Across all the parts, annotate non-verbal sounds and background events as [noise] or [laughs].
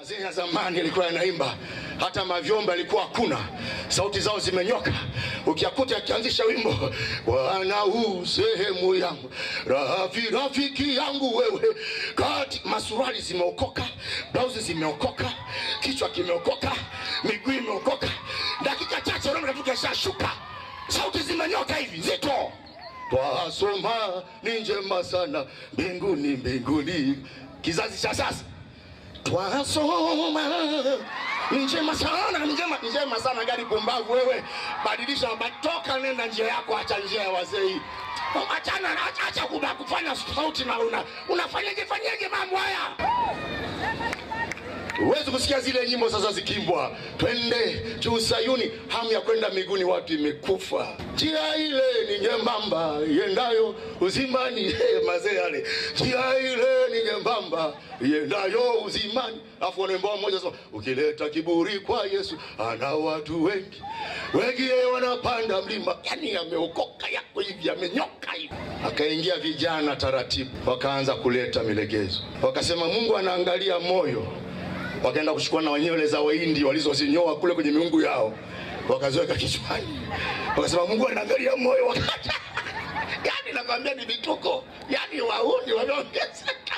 Mazee ya zamani yalikuwa yanaimba, hata mavyomba yalikuwa hakuna, sauti zao zimenyoka. Ukiakuta akianzisha wimbo, Bwana sehemu yangu, rafi rafiki yangu wewe kati. Masuruali zimeokoka, blausi zimeokoka, kichwa kimeokoka, miguu imeokoka. Dakika chache tukeshashuka, sauti zimenyoka hivi nzito, twasoma ni njema sana mbinguni, mbinguni. Kizazi cha sasa twasoma njema sana njema njema sana gari pumbavu wewe badilisha batoka nenda njia yako acha njia ya wazee achana oh, acha kubakufanya sauti na una unafanyaje fanyaje mambo haya Huwezi kusikia zile nyimbo sasa zikimbwa, twende juu Sayuni, hamu ya kwenda miguni watu imekufa. Njia ile ni nyembamba iendayo uzimani. [laughs] Hey, mazee yale, njia ile ni nyembamba iendayo uzimani. Alafu wanaimba mmoja sema, ukileta kiburi kwa Yesu ana watu wengi wengi, yeye wanapanda mlima. Yani ameokoka yako hivi, amenyoka hivi. Akaingia vijana taratibu, wakaanza kuleta milegezo, wakasema Mungu anaangalia moyo wakaenda kuchukua na wenyewe za Wahindi walizozinyoa kule kwenye miungu yao, wakaziweka kichwani, wakasema Mungu anaangalia moyo [laughs] wakata. yani, nakwambia ni vituko, yani wahuni wameongezeka.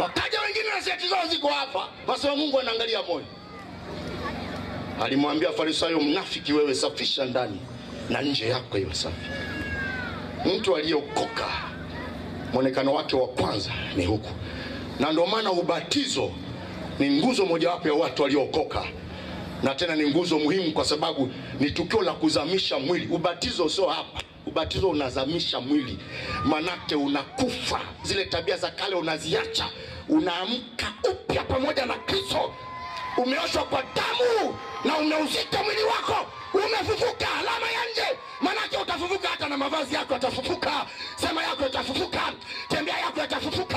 Wakaja wengine na seti zao ziko hapa, wasema Mungu anaangalia moyo. Alimwambia Farisayo, mnafiki wewe, safisha ndani na nje yako iwe safi. Mtu aliyeokoka mwonekano wake wa kwanza ni huku, na ndio maana ubatizo ni nguzo mojawapo ya watu waliookoka, na tena ni nguzo muhimu, kwa sababu ni tukio la kuzamisha mwili. Ubatizo sio hapa ubatizo unazamisha mwili, manake unakufa, zile tabia za kale unaziacha, unaamka upya pamoja na Kristo. Umeoshwa kwa damu na umeuzika mwili wako, umefufuka, alama ya nje. Manake utafufuka, hata na mavazi yako yatafufuka sema yako yatafufuka, tembea yako yatafufuka.